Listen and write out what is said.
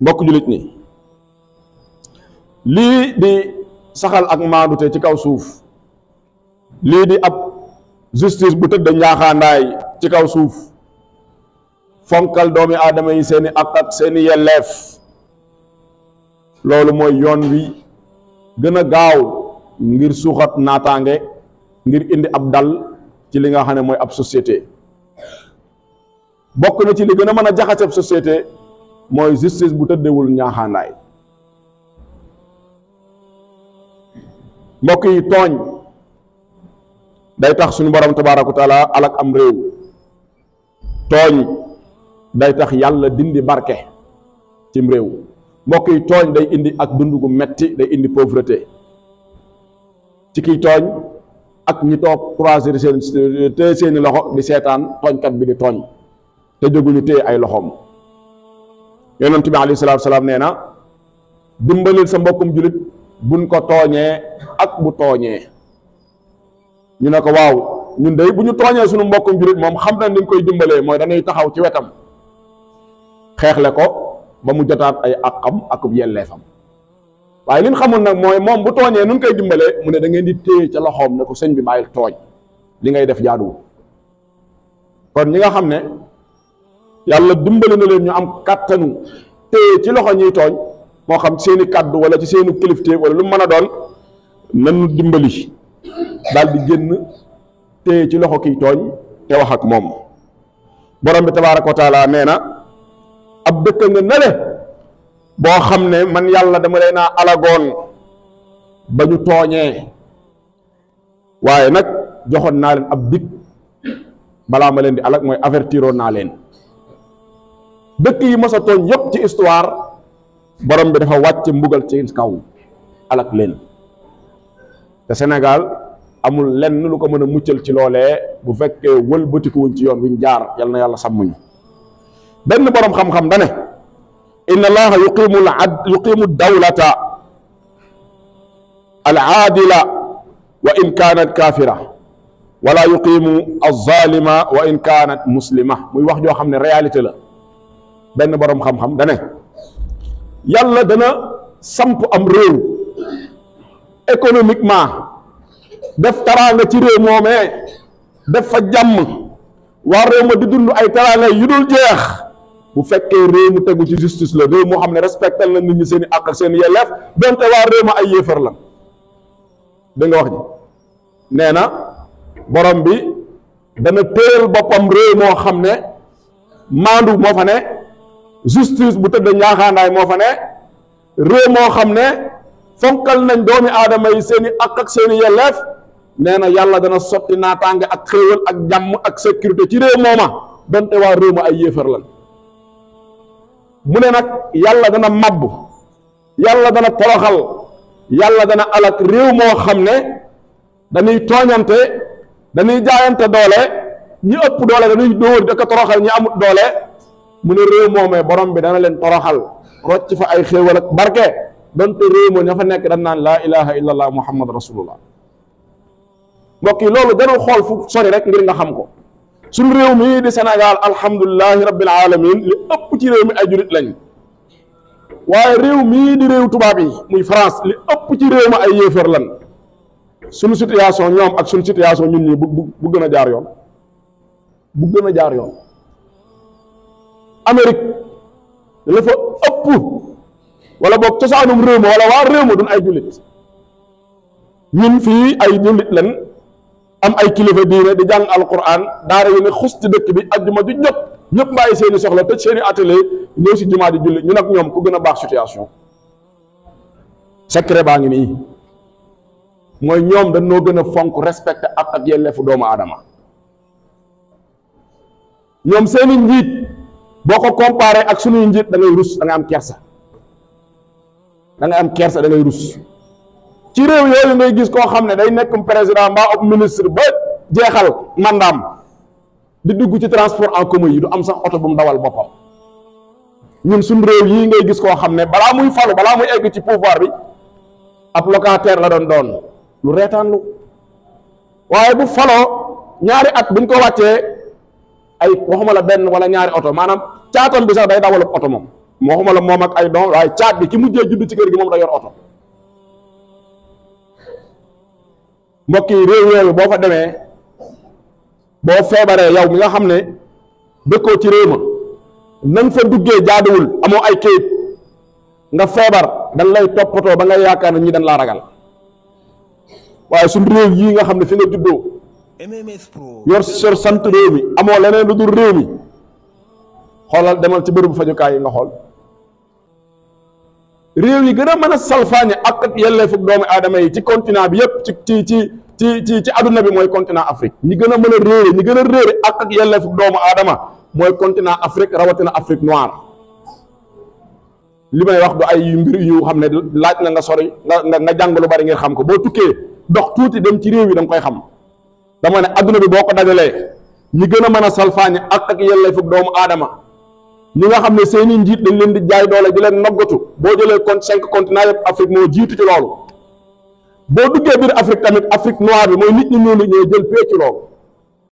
mbokk jullit ni lii di saxal ak maadute ci kaw suuf lii di ab justice bu tëdd njaaxaandaay ci kaw suuf fonkal doomi aadama yi seeni ak ak seeni yelleef loolu mooy yoon wi gën a gaaw ngir suuxat naataange ngir indi ab dal ci li nga xam ne mooy ab société bokk na ci li gën a mën a jaxaseb société mooy justice bu tëddewul ñaaxaanaay mbokk yi tooñ day tax suñu borom tabaaraka wa taala am réew tooñ day tax yàlla dindi barke cim réew mbokk yi tooñ day indi ak dund gu metti day indi pauvreté ci kiy tooñ ak ñi toog croiser seen te seeni loxo di seetaan tooñkat bi di tooñ te jóguñu téye ay loxoom yonent bi alayhi salaatu salaam nee na dimbalil sa mbokkum jullit buñ ko tooñee ak bu tooñee ñu ne ko waaw ñun day bu ñu tooñee suñu mbokkum jullit moom xam na ni koy dimbalee mooy dañuy taxaw ci wetam xeexle ko ba mu jotaat ay àqam ak yelleefam waaye li ñu xamul nag mooy moom bu tooñee nun koy dimbalee mu ne dangeen di téye ca loxoom ne ko sëñ bi bàyyil tooñ li ngay def jaaduwul kon ñi nga xam ne yàlla dimbali na leen ñu am kàttanu téye ci loxo ñuy tooñ moo xam seeni kàddu wala ci seeni kilifté wala lu mën a doon nanu dimbali daal di génn téye ci loxo kiy tooñ te wax ak moom borom bi tabaaraka wa taala na ab dëkk nga nale boo xam ne man yàlla dama leen a alagoon ba ñu tooñee waaye nag joxoon naa leen ab bit balaa ma leen di alag mooy avertiroon naa leen dëkk yi mësa toñ yëpp ci histoire borom bi dafa wàcc mbugal ci kaw alak leen te Sénégal amul lenn lu ko mën a muccal ci loolee bu fekkee wuñ ci yoon wi jaar yal na yàlla sàmmuñu benn borom xam-xam dane inna allaha yuqimu ad yuqimu dawlata al aadila wa in kaanat kaafira wala yuqimu alzalima wa in kaanat muslima muy wax joo xam réalité la benn boroom xam-xam dane yàlla dana samp am réew économiquement def taraanga ci réew moomee def fa jàmm waa réew ma di dund ay taraanga yu dul jeex bu fekkee réew mu tegu ci justice la réew moo xam ne respectal na nit ñi seen àq ak seen yelleef donte waa réew ma ay yéefar la dégg wax ji nee na borom bi dana téyal boppam réew moo xam ne maandu moo fa ne justice bu tëdd ñaaxaanaay moo fa ne réew moo xam ne fonkal nañ doomi aadama yi seen i ak ak seen yelleef nee na yàlla dana sotti naataange ak xéewal ak jàmm ak sécurité ci réew mooma donte waa réew ma ay yéefar lan mu ne nag yàlla dana mabb yàlla dana toroxal yàlla dana alak réew moo xam ne dañuy tooñante danuy jaayante doole ñi ëpp doole dañuy dóor dëkk toroxal ñi amut doole mu ne réew moomee borom bi dana leen toroxal rocc fa ay xéewal ak barke donte réew moo ña fa nekk dañ naan laa ilaha illa allah muhammad rasulullah mbokk yi loolu jarul xool fu sori rek ngir nga xam ko suñ réew mii di Sénégal alhamdulilahi rabbil alamin li ëpp ci réew mi ay julit lañ waaye réew mii di réew tubaab yi muy France li ëpp ci réew ma ay yéefar lan suñu situation ñoom ak suñu situation ñun ñi bu bu gën a jaar yoon bu gën a jaar yoon Amérique la fa ëpp wala boog cosaanum réew ma wala waa réew ma duñ ay jullit ñun fii ay jullit lan am ay kilifa diine di jàng alquran daara yi ne xus ci dëkk bi ajjuma ju ñëpp ñëpp bàyyi seeni soxla te seeni atelier ñëw si jumaa di julli ñu nag ñoom ku gën a baax situation secret baa ngi nii mooy ñoom dañoo gën a fonk respecté ak ak yelleefu doomu aadama ñoom seeni njiit boko comparer ak suñu njit da ngay rus da nga am kersa da nga am kersa da ngay rus ci rew yooyu ngay gis ko xamne day nek président ba op ministre ba mandam di dugg ci transport en commun yi du am sax auto bu ndawal dawal ñun suñu rew yi ngay gis ko xamne bala muy fallu bala muy egg ci pouvoir bi ap locataire la don, don lu retan lu waye bu fallo ñaari at buñ ko waccé ay waxuma la ben, wala ñaari auto manam caatam bi sax day dawal oto moom moo xuma la moom ak ay doom waaye caat bi ki mujjee judd ci kër gi moom da yor oto mbokk yi réew yooyu boo fa demee boo feebaree yow mi nga xam ne dëkkoo ci réew ma nañ fa duggee jaaduwul amoo ay kayit nga feebar dañ lay toppatoo ba nga yaakaar ne ñi dañ laa ragal waaye suñ réew yi nga xam ne fi nga juddoo yor sant réew mi amoo leneen lu dul réew mi xoolal demal ci bërëbu fajukaay yi nga xool réew yi gën a mën a salfaañe ak ak yelleefu doomu aadama yi ci continent bi yépp ci ci ci ci ci ci adduna bi mooy continent Afrique ñi gën a mën a réere ñi gën a réere ak ak yelleefu doomu aadama mooy continent Afrique rawatina Afrique noire li may wax du ay mbir xam ne laaj na nga sori nga nga jàng lu bari ngir xam ko boo tukkee dox tuuti dem ci réew yi danga koy xam dama ne adduna bi boo ko dajalee ñi gën a mën a salfaañe ak ak yelleefu doomu aadama ñi nga xam ne seen i njiit dañ leen di jaay doole di leen noggatu boo jëlee compte cinq continent yëpp Afrique moo jiitu ci loolu boo duggee biir Afrique tamit Afrique noire bi mooy nit ñi ñuul ñooy jël pee ci loolu